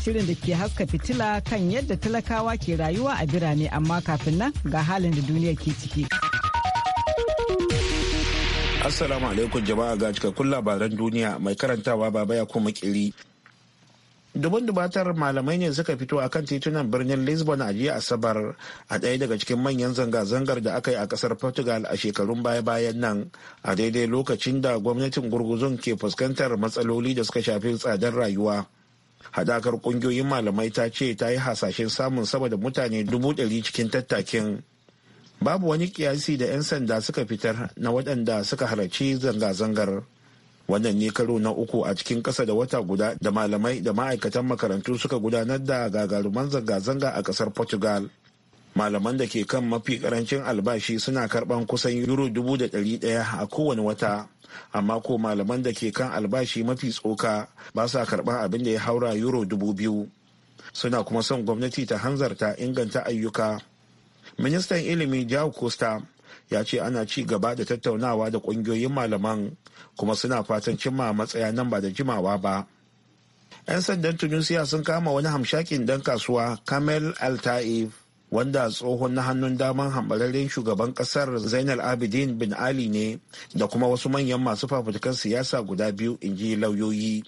shirin da ke haska fitila kan yadda talakawa ke rayuwa a birane amma kafin nan ga halin da duniya ke ciki. Assalamu alaikum jama'a ga cikakkun labaran duniya mai karantawa baba ya kuma kiri. Dubun dubatar malamai ne suka fito a kan titunan birnin Lisbon a jiya Asabar a ɗaya daga cikin manyan zanga-zangar da aka yi a ƙasar Portugal a shekarun baya-bayan nan a daidai lokacin da gwamnatin gurguzun ke fuskantar matsaloli da suka shafi tsadar rayuwa. hadakar kungiyoyin malamai ta ce ta yi hasashen samun sama da mutane dubu ɗari cikin tattakin babu wani kiyasi da 'yan sanda suka fitar na waɗanda suka halarci zanga-zangar wannan ne karo na uku a cikin ƙasa da wata guda da malamai da ma'aikatan makarantu suka gudanar da gagaruman zanga-zanga a ƙasar portugal malaman da ke kan mafi karancin albashi suna karban kusan euro dubu da ɗari ɗaya a kowane wata amma ko malaman da ke kan albashi mafi tsoka ba sa karban abin da ya haura euro dubu biyu suna kuma son gwamnati ta hanzarta inganta ayyuka ministan ilimi jao costa ya ce ana ci gaba da tattaunawa da kungiyoyin malaman kuma suna fatan cimma matsaya nan ba da jimawa ba 'yan sandan tunisia sun kama wani hamshakin dan kasuwa kamel al-taif wanda tsohon na hannun daman hambararren shugaban kasar zainal abidin bin ali ne da kuma wasu manyan masu fafutukan siyasa guda biyu inji lauyoyi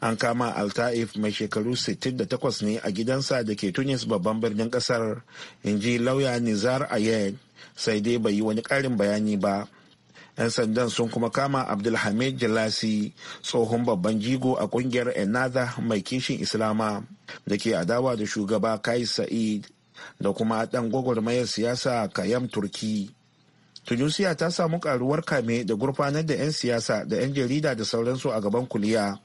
an kama altaif mai shekaru 68 ne a gidansa da ke tunis babban birnin kasar inji lauya nizar ayed sai dai bai yi wani karin bayani ba 'yan sandan sun kuma kama abdulhamid jalasi tsohon babban jigo a kungiyar enada mai kishin islama da ke adawa da shugaba kai sa'id da kuma ɗan gwagwarmayar siyasa kayam turki tunisia ta samu karuwar kame da gurfanar da 'yan siyasa da 'yan jarida da sauransu a gaban kuliya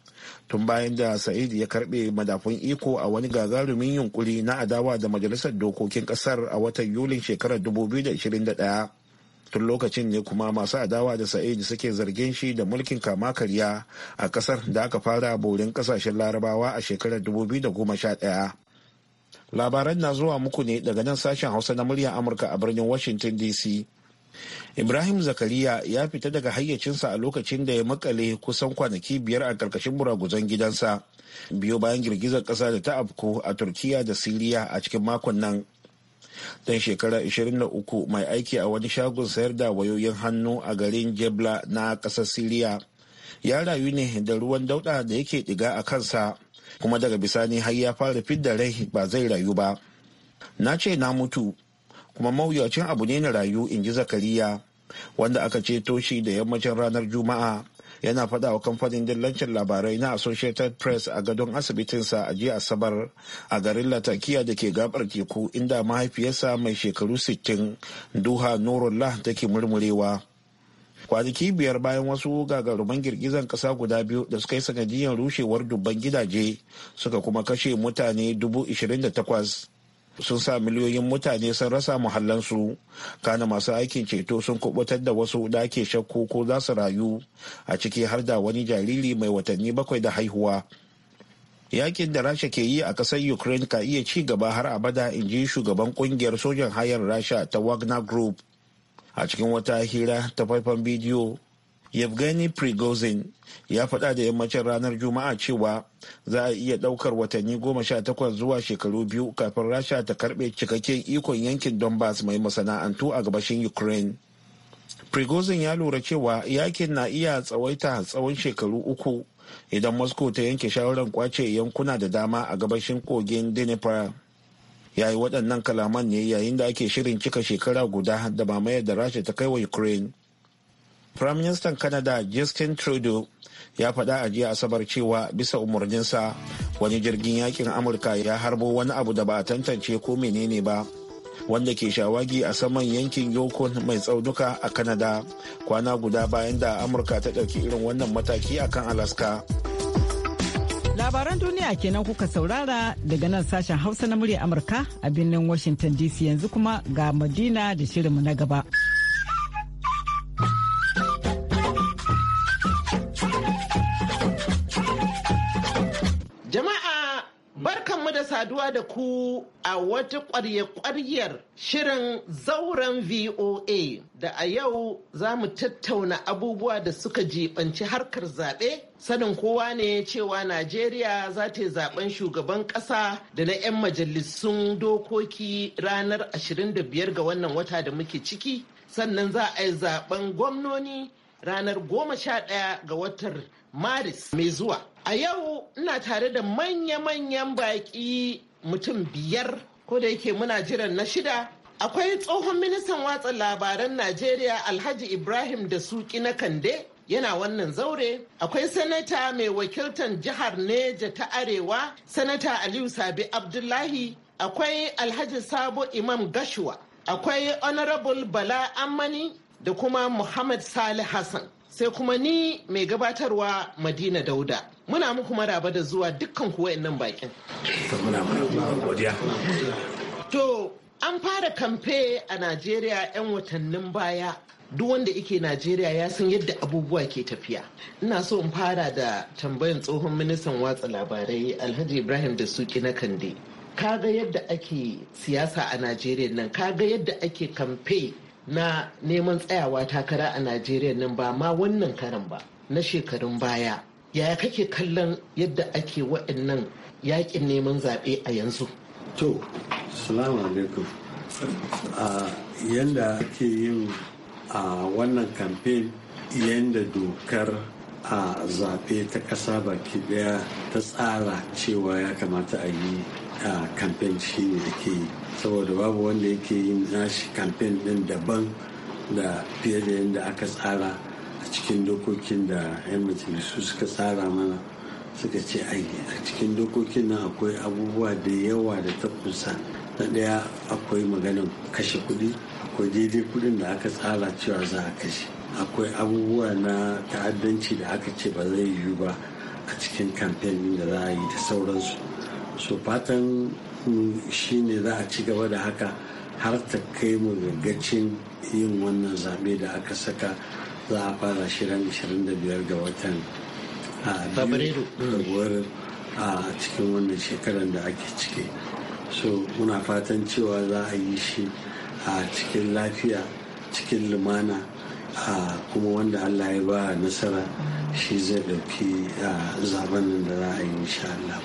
tun bayan da sa'id ya karbe madafun iko a wani gagarumin yunkuri na adawa da majalisar dokokin kasar a watan yulin shekarar 2021 tun lokacin ne kuma masu adawa da sa'id suke zargin shi da mulkin kama karya a kasar da aka fara borin kasashen larabawa a shekarar 2011 labaran na zuwa muku ne daga nan sashen hausa na muryar amurka a birnin washington dc ibrahim zakariya ya fita daga hayyacinsa a lokacin da ya makale kusan kwanaki biyar a karkashin buraguzan gidansa biyo bayan girgizar ƙasa da ta afko a turkiya da siriya a cikin makon nan dan shekara 23 mai aiki a wani shagon sayar da wayoyin hannu a garin jebla na kasar siriya ya rayu ne da ruwan dauda da yake diga a kansa kuma daga bisani har ya fara fidda rai ba zai rayu ba na ce na mutu kuma mawuyacin abu ne na rayu in ji zakariya wanda aka ceto shi da yammacin ranar juma'a yana faɗa wa kamfanin dillancin labarai na associated press a gadon asibitinsa a jiya asabar a garin latakiya da ke gabar teku inda mahaifiyarsa mai shekaru 60 duha nurullah take murmurewa kwanaki biyar bayan wasu gagarumin girgizan kasa guda biyu da suka yi sanadiyar rushewar dubban gidaje suka kuma kashe mutane dubu da takwas sun sa miliyoyin mutane sun rasa muhallansu kana masu aikin ceto sun kubutar da wasu da ake shakku ko za su rayu a ciki har da wani jariri mai watanni bakwai da haihuwa yakin da rasha ke yi a ƙasar ukraine ka iya ci gaba har abada in ji shugaban kungiyar sojan hayar rasha ta wagner group a cikin wata hira ta faifan bidiyo yevgeny prigozin ya faɗa da yammacin ranar juma'a cewa za a iya ɗaukar watanni goma sha takwas zuwa shekaru biyu kafin rasha ta karɓe cikakken ikon yankin donbass mai masana'antu a gabashin ukraine prigozin ya lura cewa yakin na iya tsawaita tsawon shekaru uku idan moscow ta yanke shawarar kwace yankuna da dama a gabashin kogin dnipro ya yi waɗannan kalaman ne yayin da ake shirin cika shekara guda da mamayar da rasha ta kai wa ukraine prime minister canada justin trudeau ya faɗa a jiya asabar cewa bisa umarninsa wani jirgin yakin amurka ya harbo wani abu da ba a tantance ko menene ba wanda ke shawagi a saman yankin yokon mai tsaunuka a canada kwana guda bayan da amurka ta ɗauki irin wannan mataki akan alaska Labaran duniya kenan kuka saurara daga nan sashen Hausa na murya Amurka a birnin Washington DC yanzu kuma ga Madina da shirinmu na gaba. Jama'a barkanmu da saduwa da ku a wata ƙwarye-ƙwaryar shirin zauren VOA da a yau za mu tattauna abubuwa da suka jibanci harkar zaɓe sanin kowa ne cewa najeriya za ta yi zaben shugaban kasa da na 'yan majalisun dokoki ranar 25 ga wannan wata da muke ciki sannan za a yi zaben gwamnoni ranar 11 ga watan maris mai zuwa a yau ina tare da manya-manyan baki mutum biyar ko da yake muna jiran na shida akwai tsohon ministan watsa labaran najeriya alhaji ibrahim da suki na kande yana wannan zaure akwai sanata mai wakiltar jihar neja ta arewa sanata aliyu sabi abdullahi akwai alhaji sabo imam gashuwa akwai honorable bala amani da kuma muhammad salih hassan sai kuma ni mai gabatarwa madina dauda muna muku maraba da zuwa dukkan kuwa nan bakin to an fara kamfe a najeriya 'yan watannin baya duk wanda yake najeriya ya san yadda abubuwa ke tafiya ina so in fara da tambayin tsohon ministan watsa labarai alhaji ibrahim da suki na kande kaga yadda ake siyasa a najeriya nan kaga yadda ake kamfe na neman tsayawa takara a najeriya nan ba ma wannan karan ba na shekarun baya yaya kake kallon yadda ake waɗannan yakin neman zaɓe a yanzu to salamu alaikum ah, yadda ake yin a wannan kamfen yadda dokar a zaɓe ta ƙasa baki ɗaya ta tsara cewa ya kamata a yi a kamfen shi ne da ke yi saboda babu wanda yake yin nashi kamfen ɗin daban da fiye da yadda aka tsara a cikin dokokin da 'yan majalisu suka tsara mana suka ce a cikin dokokin nan akwai abubuwa da yawa da ta kusa na ɗaya akwai maganin kashe kuɗi akwai daidai kuɗin da aka tsara cewa za a kashe akwai abubuwa na ta'addanci da aka ce ba zai yiwu ba a cikin kamfen da za a yi da sauransu so fatan shi ne za a ci gaba da haka har ta kai mu gaggacin yin wannan zaɓe da aka saka za a fara shirin 25 ga watan a cikin wannan shekarar da ake ciki so muna fatan cewa za a yi shi a cikin lafiya cikin lumana a kuma wanda allah ya ba nasara shi zai dauki zaben da za a yi insha Allah.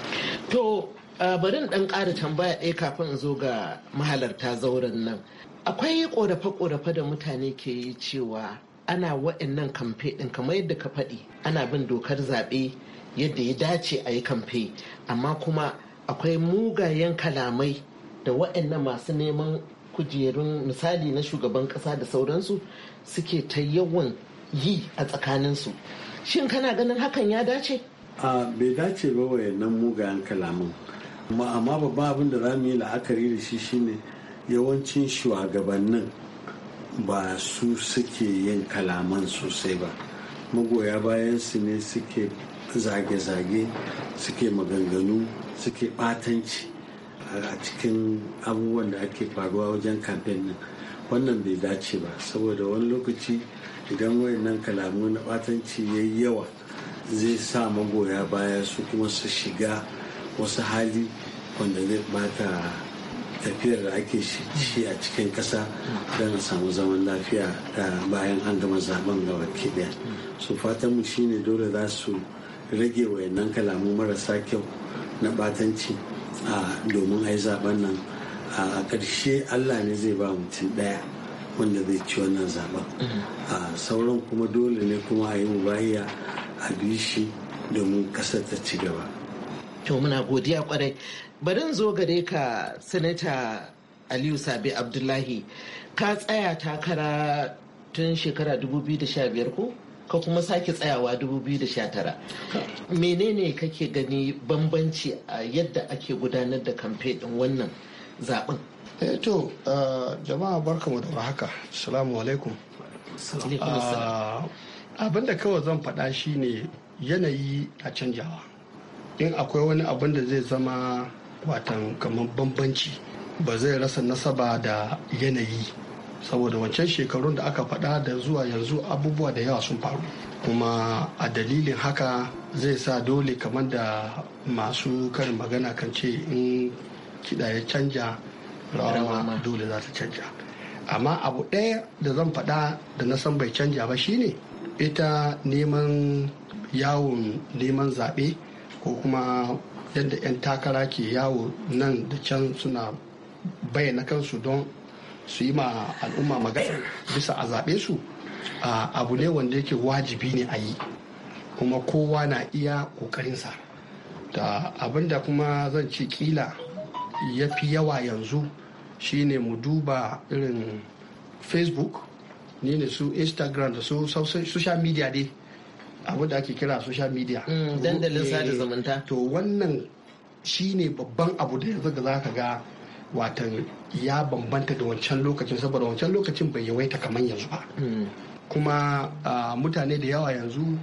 to bari ɗan ƙara tambaya ɗaya kafin in zo ga mahalarta zauren nan akwai ƙorafe-ƙorafe da mutane ke yi cewa ana wa'annan kamfe ɗin kamar yadda ka faɗi ana bin dokar zaɓe yadda ya dace a yi kamfe amma kuma akwai mugayen kalamai da wa'annan masu neman kujerun misali na shugaban kasa da sauransu suke ta yawan yi a tsakaninsu shin kana ganin hakan ya dace a bai dace ba wayannan mugayen kalaman amma babban abin da za mu yi la'akari da shi shine yawancin shugabannin ba su suke yin kalaman sosai ba magoya bayan su ne suke zage-zage suke maganganu suke batanci a cikin abubuwan da ake faruwa wajen kamfen nan wannan bai dace ba saboda wani lokaci idan wayannan kalamu na batanci ya yi yawa zai sa magoya baya su kuma su shiga wasu hali wanda zai bata tafiyar da ake shi a cikin kasa don a samu zaman lafiya da bayan an gama zaben gaba daya su fatanmu shine dole za su rage wayannan kalamu marasa kyau na batanci domin a yi zaben nan a ƙarshe allah ne zai ba mutum ɗaya wanda zai ci wannan zaben mm-hmm. a sauran kuma dole ne kuma a yi mubahiya a bi shi domin ƙasar ta ci gaba to muna godiya kwarai bari zo gare ka sanata aliyu sabi abdullahi ka tsaya takara tun shekara 2015 ko ka kuma sake tsayawa 2019 menene kake gani bambanci a yadda ake gudanar da kamfe din wannan zaben eh to ah, jama'a barkamu da haka salamu alaikum ah, abin da kawai zan faɗa shine yanayi a canjawa in akwai wani abin da zai zama watan kamar bambanci ba zai rasa nasaba da yanayi saboda wancan shekarun da aka faɗa da zuwa yanzu abubuwa da yawa sun faru kuma a dalilin haka zai sa dole kamar da masu karin magana kan ce in kiɗa ya canja rawa dole za ta canja amma abu ɗaya da zan faɗa da na san bai canja ba shine ita neman yawon neman zaɓe ko kuma yadda 'yan takara ke yawo nan da can suna bayyana kansu don su yi ma al'umma magana bisa a zaɓe su abu ne wanda yake wajibi ne a yi kuma kowa na iya ƙoƙarinsa da abinda kuma zan ci kila ya fi yawa yanzu shine mu duba irin facebook ni ne su instagram da su social media dai abu da ake kira social media mm, dandalin eh, sada zumunta to wannan shine babban abu da yanzu da za ka ga watan ya bambanta da wancan lokacin saboda wancan lokacin bai yawaita kamar yanzu ba hmm. kuma mutane da yawa yanzu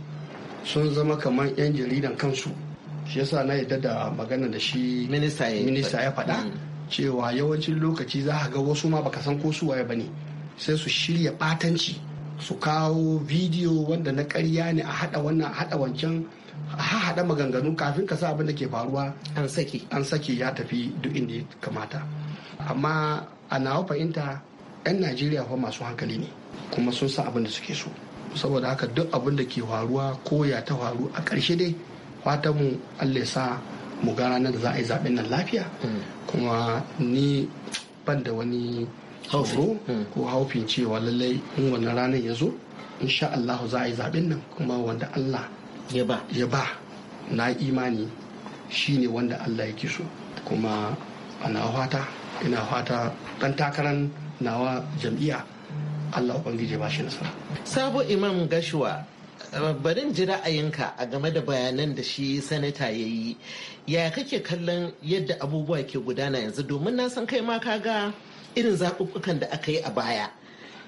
sun zama kamar 'yan jaridan kansu shi yasa na yadda da magana da shi minista ya faɗa hmm. cewa yawancin lokaci za ga wasu ma baka san ko su waye ba ne sai su shirya batanci su kawo bidiyo wanda na karya ne a haɗa wannan a haɗa wancan a haɗa maganganu kafin ka sa abin da ke faruwa an sake ya tafi duk inda ya kamata amma a nawa fahimta 'yan najeriya fa masu hankali ne kuma sun san abin da suke so saboda haka duk abin da ke faruwa ko ya ta faru a ƙarshe dai fatan mu allah sa mu ga ranar da za a yi zaɓen nan lafiya hmm. kuma ni ban da wani tsoro hmm. ko haufin cewa lallai in wannan ranar ya zo insha allahu za a yi zaɓen nan kuma wanda allah ya ba na imani shine wanda allah yake so kuma ana fata ina fata dan takarar nawa jam'iyya allah ubangiji ba shi nasara sabo imam gashuwa barin ji ra'ayinka a game da bayanan da shi sanata ya yi ya kake kallon yadda abubuwa ke gudana yanzu domin na san kai ma ka ga irin zaɓuɓɓukan da aka yi a baya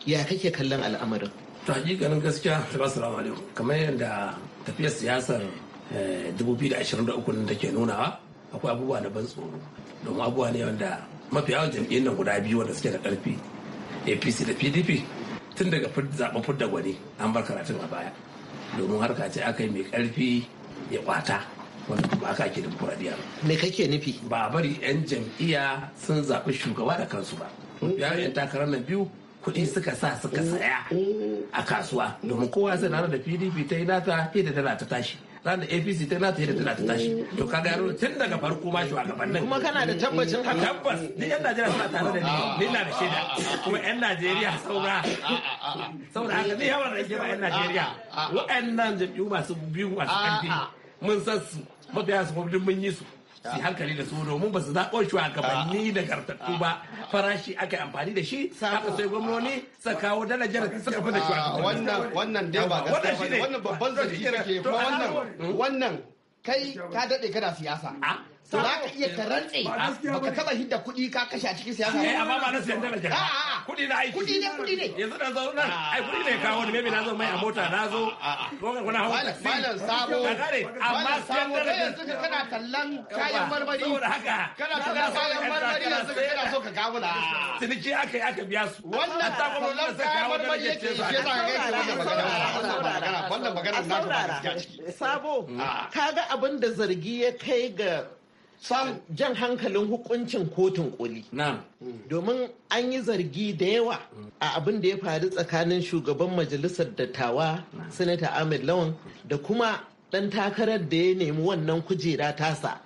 ya kake kallon al'amarin ta hakikanin gaskiya salamu alaikum kamar yadda tafiyar siyasar 2023 eh, da ke nunawa akwai abubuwa na ban tsoro domin abubuwa ne wanda mafi yawan jam'iyyun nan guda biyu wanda suke da karfi apc da pdp tun daga zaben fudda gwani an bar karatun a baya domin harka ce aka yi mai karfi ya kwata wanda kuma aka ake dimokuraɗiyya me kake nufi ba a bari yan jam'iyya sun zaɓi shugaba da kansu ba yawan yan takarar nan biyu kuɗi suka sa suka saya a kasuwa domin kowa sai na da pdp ta yi nata yadda tana ta tashi ran da apc ta nata yadda tana ta tashi to ka gano tun daga farko ma shugabannin kuma kana da tabbacin haka tabbas ni yan najeriya suna tare da ni ni na da shaida kuma yan najeriya saura saura haka ni yawan rage ba yan najeriya wa'annan jami'u masu biyu masu kanti mun san su mabiya su mun yi su su ah. hankali da su domin ba su zaɓo da ah. gartattu ah. ba farashi aka amfani da shi aka sai gwamnoni sa kawo dalajar suka fi da shi. wannan wannan dai ba gaskiya wannan babban zance ke wannan wannan kai ka daɗe kana siyasa to za ka iya ka rantse baka taba hidda kuɗi ka kashe a cikin siyasa eh amma ba na siyan dala kenan kuɗi na aiki kuɗi ne kuɗi ne yanzu na zo nan ai ne kawo ne maybe na zo mai a mota na zo kuna hawa malam sabo amma siyan dala kai yanzu kana kayan marmari saboda haka kana kayan marmari yanzu kana so ka kawo na ciniki aka yi aka biya su wannan tallan kayan yake ka ga wannan magana wannan magana na ciki sabo kaga abin da zargi ya kai ga samu jan hankalin hukuncin kotun koli. Domin an yi zargi da yawa a abin da ya faru tsakanin shugaban majalisar dattawa Sanata Ahmed Lawan da kuma ɗan takarar da ya nemi wannan kujera tasa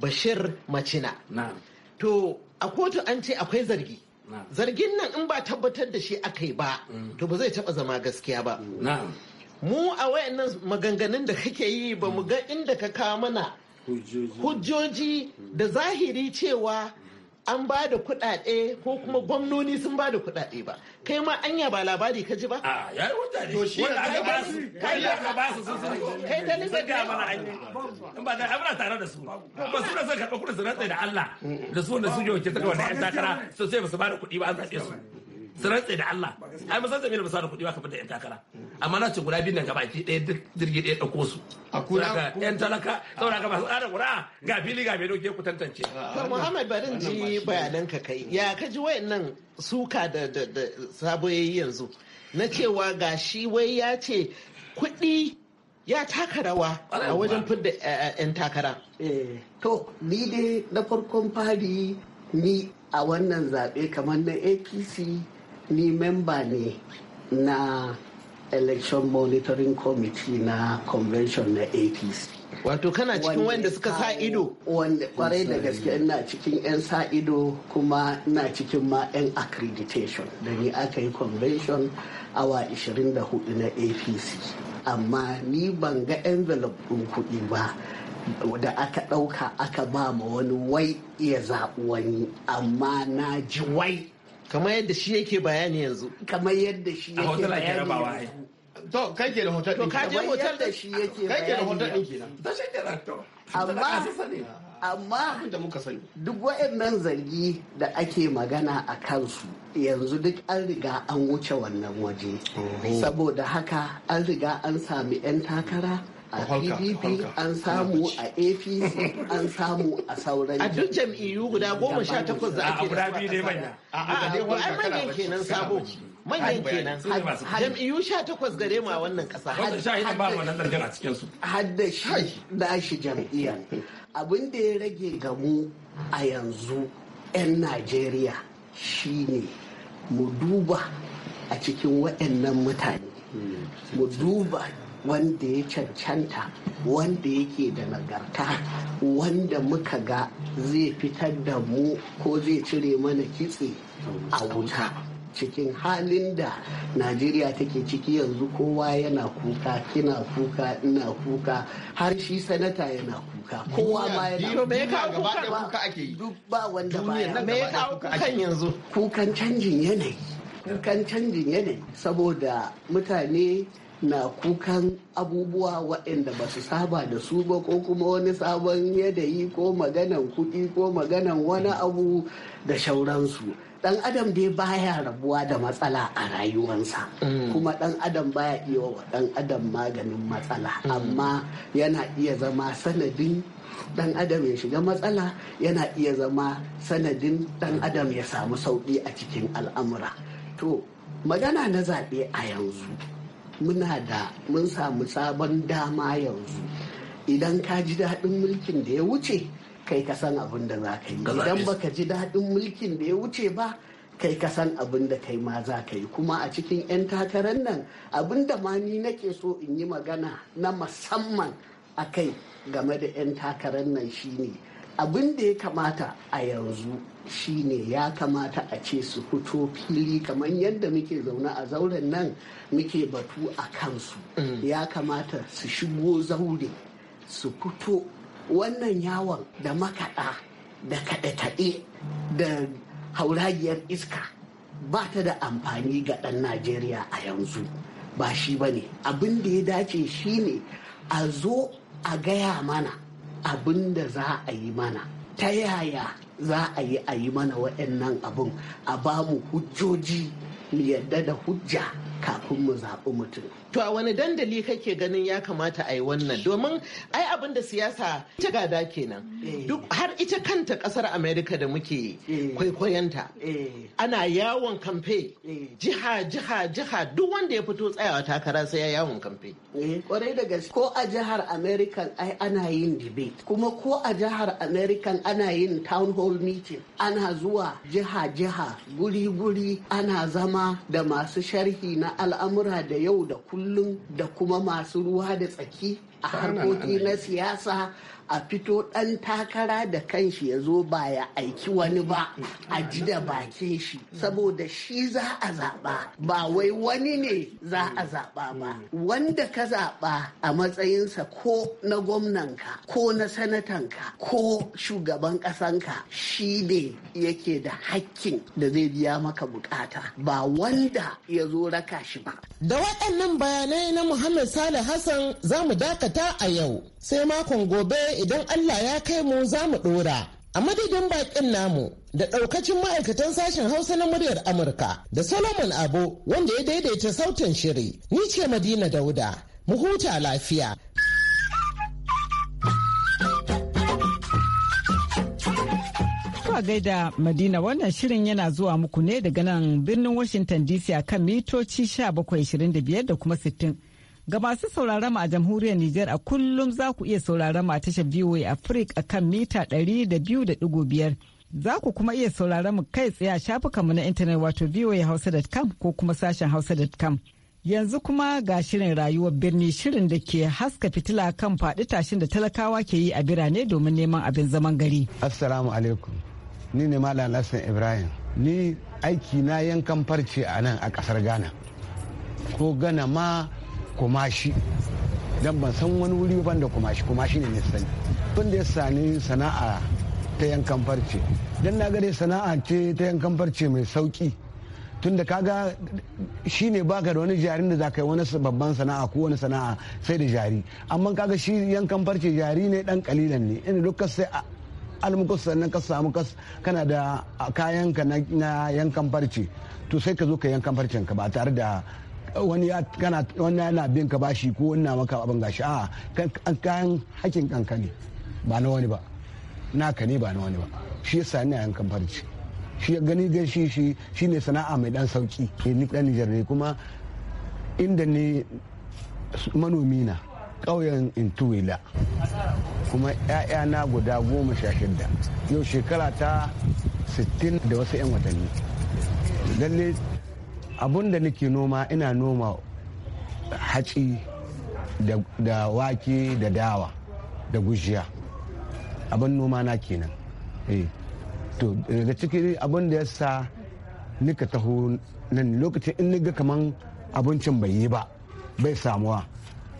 Bashir Macina. To a kotu an ce akwai zargi. Zargin nan in ba tabbatar da shi aka yi ba, mm. to ba zai taba zama gaskiya ba. Mu a wayannan maganganun da kake yi ba mu mm. ga inda ka kawo mana hujjoji da zahiri cewa an ba da kuɗaɗe ko kuma gwamnoni sun ba da kuɗaɗe ba kai ma an ba labari ka ji ba a ya yi wata ne to shi wanda aka ba su kai da ka ba su sun sun kai da ni ga mana an yi ba da abuna tare da su ba su da suka karɓa kuɗin su rantsa da Allah da su wanda su yau ke saka wannan yan takara so sai ba su ba da kuɗi ba an zaɓe su su rantse da Allah ai mun san Saminu ba sa da kuɗi ba kamar da yan takara amma na ce guda biyu nan gaba ɗaya duk jirgi ɗaya ɗauko su a kuna yan talaka saboda ga ba su tsara guda ga fili ga mai doke ku tantance ah, to Muhammad barin ji bayanan ka kai ya ka ji wayannan suka da da saboyi yanzu na cewa ga shi wai ya ce kuɗi ya taka rawa a wajen fidda 'yan takara. Eh, to, ni dai na farkon fari ni a wannan zaɓe kamar na apc ni memba ne na election monitoring committee na convention na apc wato kana cikin wanda suka sa ido wanda kwarai da gaske ina cikin 'yan sa ido kuma na cikin ma 'yan accreditation da ni aka yi convention awa 24 na apc amma ni ban ga envelope ɗin kuɗi ba da aka ɗauka aka ba ma wani wai iya zaɓi wani amma na ji wai kamar yadda shi yake bayani yanzu kamar yadda shi yake bayani to kai ke da hotel din ka je hotel da shi yake kai ke da hotel din kenan da shi director amma amma da muka sani duk waɗannan zargi da ake magana a kansu yanzu duk an riga an wuce wannan waje oh. saboda haka an riga an sami 'yan takara a pdp an samu a apc an samu a sauran a duk jam'iyyu guda goma sha takwas da ake da biyu ne manya a manyan kenan sabo manyan kenan jam'iyyu sha takwas gare ma wannan kasa hadda shi da shi jam'iyya abin da ya rage ga mu a yanzu 'yan najeriya shine mu duba a cikin waɗannan mutane hmm. mu duba wanda ya cancanta wanda yake da nagarta wanda muka ga zai fitar da mu ko zai cire mana kitse a wuta cikin halin da najeriya take ciki yanzu kowa yana kuka kina kuka ina kuka har shi sanata yana kuka kowa ma yana me ya kawo kuka ake duk ba wanda ba me ya kawo kukan yanzu kukan canjin yanayi kukan canjin yanayi saboda mutane na kukan abubuwa waɗanda ba su saba da su ba ko kuma wani sabon yadayi ko maganan kuɗi ko maganan wani abu da shauransu dan adam dai baya rabuwa da matsala a rayuwansa mm. kuma dan adam baya iya wa dan adam maganin matsala mm. amma yana iya zama sanadin dan adam ya shiga matsala yana iya zama sanadin dan adam ya samu sauƙi a cikin al'amura to magana na zaɓe a yanzu muna da mun samu sabon dama yanzu idan ka ji daɗin mulkin da ya wuce kai ka san abin da za ka yi idan baka ji daɗin mulkin da ya wuce ba kai ka san abin da kai ma za ka yi kuma a cikin 'yan takarar nan abin da ma ni nake so in yi magana na musamman a kai game da 'yan takarar nan shine abin da ya kamata a yanzu shine ya kamata a ce su fito fili kamar yadda muke zaune a zauren nan muke batu a kansu mm. ya kamata su shigo zaure su fito wannan yawon da makaɗa da kaɗe-kaɗe da hauragiyar iska ba ta da amfani ga ɗan najeriya a yanzu ba shi ba ne abin da ya dace shine a zo a gaya mana abin da za a yi mana ta yaya za a yi a yi mana waɗannan abin a babu hujjoji mu yadda da hujja kafin mu zaɓi mutum. To a wani dandali kake ganin ya kamata a yi wannan domin ai abin da siyasa ita gada kenan eh. duk har ita kanta ƙasar Amerika da muke eh. kwaikwayonta eh. ana yawon kamfe jiha jiha jiha duk wanda ya fito tsayawa takara sai ya yawon kamfe. Kwarai da gaske ko a jihar American ai ana yin debate kuma ko a jihar American ana yin town hall meeting ana zuwa jiha jiha guri guri ana zama da masu sharhi na na al'amura da yau da kullum da kuma masu ruwa da tsaki a harkoki na siyasa a fito ɗan takara da kanshi ya zo ba ya aiki wani ba a ji da bakin shi saboda shi za a zaɓa ba wai wani ne za a zaɓa ba wanda ka zaɓa a matsayinsa ko na gwamnan ka, ko na sanatan ka, ko shugaban ƙasanka shi ne yake da hakkin da zai biya maka bukata ba wanda ya zo raka shi ba da waɗannan bayanai na muhammad salih hassan za mu dakata a yau sai makon gobe idan Allah ya kai mu za mu ɗora. A madadin bakin namu da ɗaukacin ma'aikatan sashen Hausa na muryar Amurka da Solomon Abo wanda ya daidaita sautin shiri, ni ce Madina Dauda, mu huta lafiya. zuwa gaida Madina wannan shirin yana zuwa muku ne daga nan birnin Washington DC a kan mitoci 1725 da kuma 60. Ga masu sauraron a jamhuriyar Nijar a kullum za ku iya sauraron mu a tashar VOA Africa kan mita ɗari da biyu 200.5. Za ku kuma iya sauraron mu kai tsaye a mu na intanet wato voahausa.com ko kuma sashen hausa.com. Yanzu kuma ga shirin rayuwar birni shirin da ke haska fitila kan faɗi tashin da talakawa ke yi a birane domin neman abin zaman gari. Assalamu alaikum. Ni ne Malam Lassan Ibrahim. Ni aiki na yankan farce a nan a kasar Ghana. Ko Ghana ma kumashi don ban san wani wuri ban da kumashi kumashi ne sani tun da ya sani sana'a ta yankan farce don na gare sana'a ce ta yankan farce mai sauki tun da kaga shi ne baka da wani jarin da za ka yi wani babban sana'a ko wani sana'a sai da jari amma kaga shi yankan farce jari ne dan kalilan ne ina duk sai almukus sannan ka samu kas kana da kayanka na yankan farce to sai ka zo ka yankan farcen ka ba tare da wani yana bin ka bashi ko wani na maka abin gashi a kan kayan hakin kanka ne ba na wani ba na ka ne ba na wani ba shi yasa ina yankan farci shi ya gani gan shi shi shi ne sana'a mai dan sauki ke ni dan Nijar ne kuma inda ne manomi na ƙauyen intuwila kuma na guda goma sha shida yau shekara ta 60 da wasu 'yan watanni lalle abun da nake noma ina noma hatsi da wake da dawa da gujiya abin noma na kenan eh. to daga ciki abin da ya sa nika taho nan lokacin in ga kaman abincin bai yi ba bai samuwa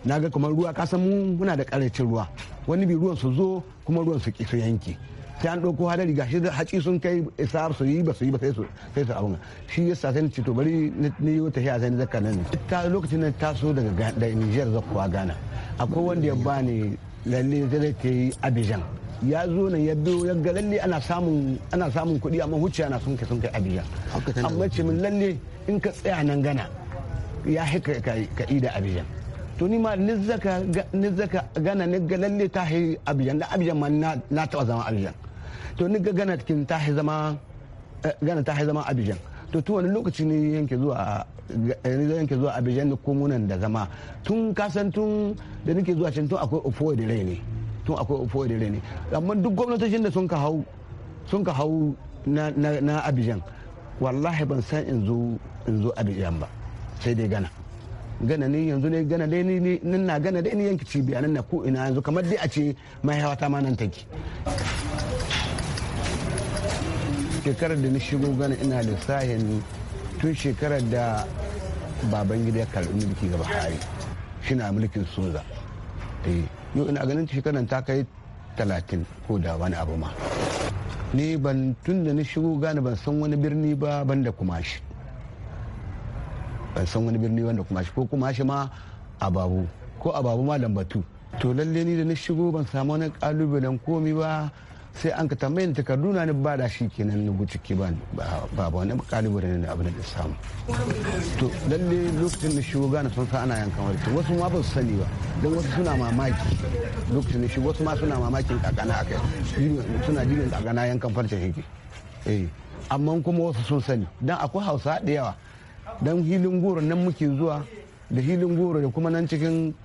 na ga kamar ruwa kasan muna da karancin ruwa wani bi ruwan su zo kuma ruwan su ki su yanke ta an ɗauko hadari ga shi haƙi sun kai isa su yi ba su yi ba sai su sai su shi ya sa sai ni to bari ni yi ta shi sai ni zakka nan ta lokacin nan taso daga da Niger zakkuwa Ghana akwai wanda ya bani lalle zai ta yi Abidjan ya zo nan ya biyo ya ga lalle ana samun ana samun kuɗi amma huce ana sun kai sun kai Abidjan amma ce min lalle in ka tsaya nan Ghana ya hika ka ida Abidjan to ni ma ni zaka gana ni ga lalle ta hayi abiyan da abiyan ma na taba zama abiyan to ni ga gana cikin ta zama eh, gana ta zama abijan to tun wani lokaci ne yanke zuwa eh, yanke zuwa abijan ko komunan da zama tun kasan tun da nake zuwa can tun akwai ofo da rai ne tun akwai ofo da rai ne amma duk gwamnatocin da sun ka hau sun ka hau na abijan wallahi ban san in zo in zo abijan ba sai dai gana gana ne yanzu ne gana dai ni nan na gana dai ni yanki cibiya nan na ko ina yanzu kamar dai a ce mai hawa ta ma nan take shekarar da na shigo gana ina lissahin tun shekarar da baban gida ya karbi mulki ga buhari na mulkin soza eh, yau ina ganin shekarar ta kai talatin ko da wani abu ma ni ban tun da na shigo gane ban san wani birni ba ban da kumashi ban san wani birni ban da kumashi ko kumashi ma ababu ko ababu ma lambatu to lalle ni da na shigo ban samu wani kalubalen komi ba sai an ka tambayin takarduna ni ba da shi kenan na ciki ba ba wani kalibare ne abin da samu to lalle lokacin da shigo gane sun sa ana yankan wani wasu ma ba su sani ba don wasu suna mamaki lokacin da shigo wasu ma suna mamakin kakana a kai suna jirin kakana yankan farce shi eh amma kuma wasu sun sani dan akwai hausa da yawa dan hilin goro nan muke zuwa da hilin goro da kuma nan cikin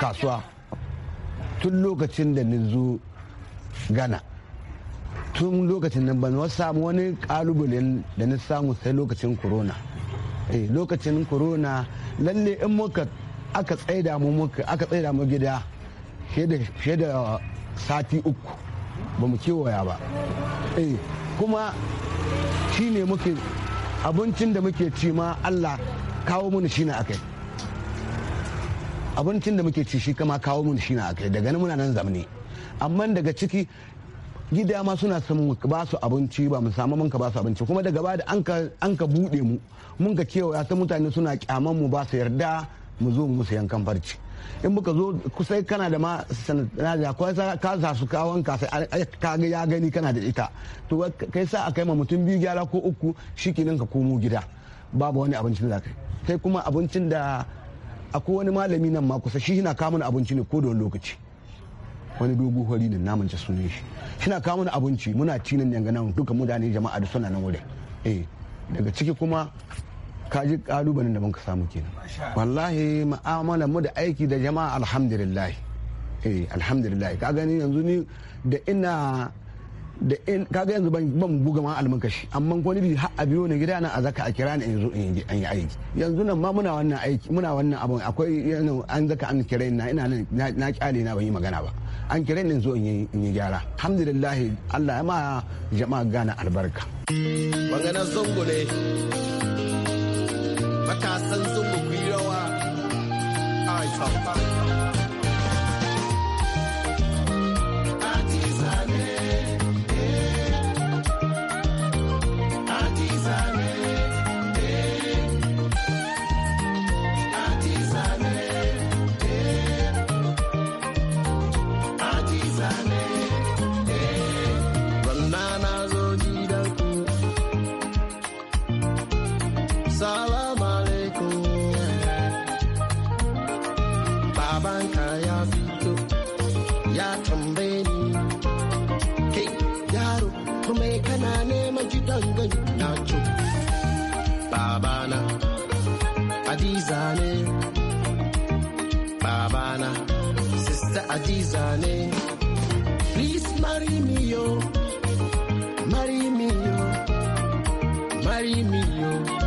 kasuwa tun lokacin da ni zo gana tun lokacin nan ban wasu samu wani kalubale da na samu sai lokacin corona eh lokacin corona lalle in muka aka tsaida mu muka aka tsaida mu gida fiye da sati uku ba mu kewaya ba eh kuma shi ne muke abincin da muke ci ma Allah kawo mu shi na akai abincin da muke ci shi kama kawo mu shi na akai daga nan muna nan zamani amma daga ciki gida ma suna son ba su abinci ba mu samu mun ka ba su abinci kuma daga bada an ka buɗe mu mun ka ya ta mutane suna kyaman mu ba su yarda mu zo mu sayan kan farci in muka zo kusai kana da ma sanadina ka za su kawon ka sai ka ga ya gani kana da ita to kai sa a kai ma mutum biyu gyara ko uku nan ka komo gida babu wani abincin da kai sai kuma abincin da akwai wani malami nan ma kusa shi na kamun abinci ne ko da wani lokaci wani dogo hori ne namun ta sunan shi shi na kawo mana abinci muna cinin yanga nan duka mutane jama'a da suna nan wurin eh daga ciki kuma ka ji kalubalen da muka samu kenan wallahi ma'amalar mu da aiki da jama'a alhamdulillah eh alhamdulillah ka gani yanzu ni da ina da in kaga yanzu ban ban buga ma kashi amma wani bi har a biyo ne gida na a zaka a kira ni yanzu in yi aiki yanzu nan ma muna wannan aiki muna wannan abun akwai yana an zaka an kira ni ina nan na kyale na ban yi magana ba an kira ni in zo in yi gyara alhamdulillah Allah ya ma jama'a gana albarka magana zango ne san zango ku yi rawa zane babana sister ajiza ne please marry me yo marry me yo marry me yo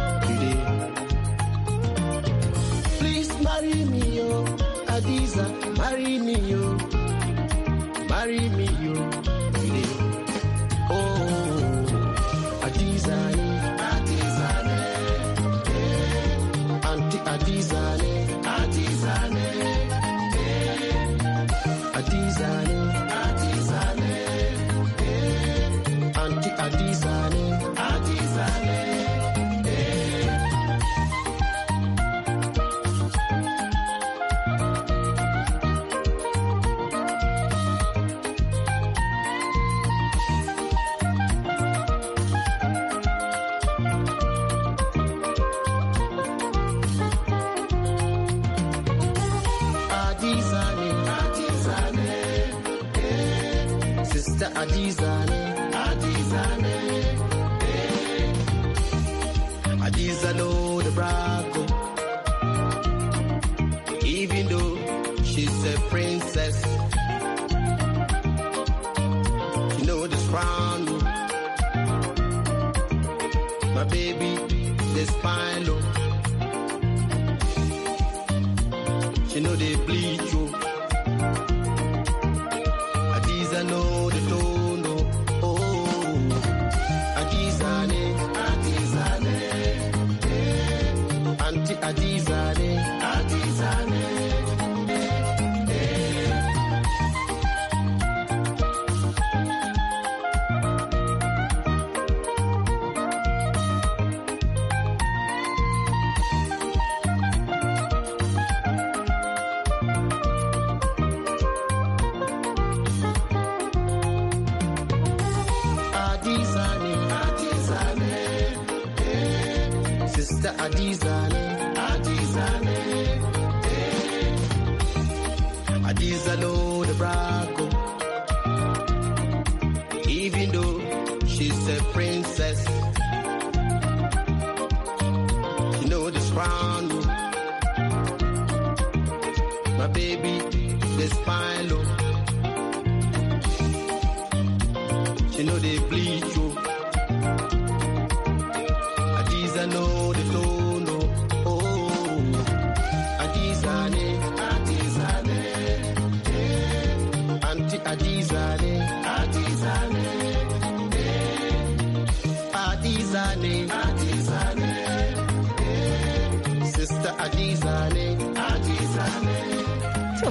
pile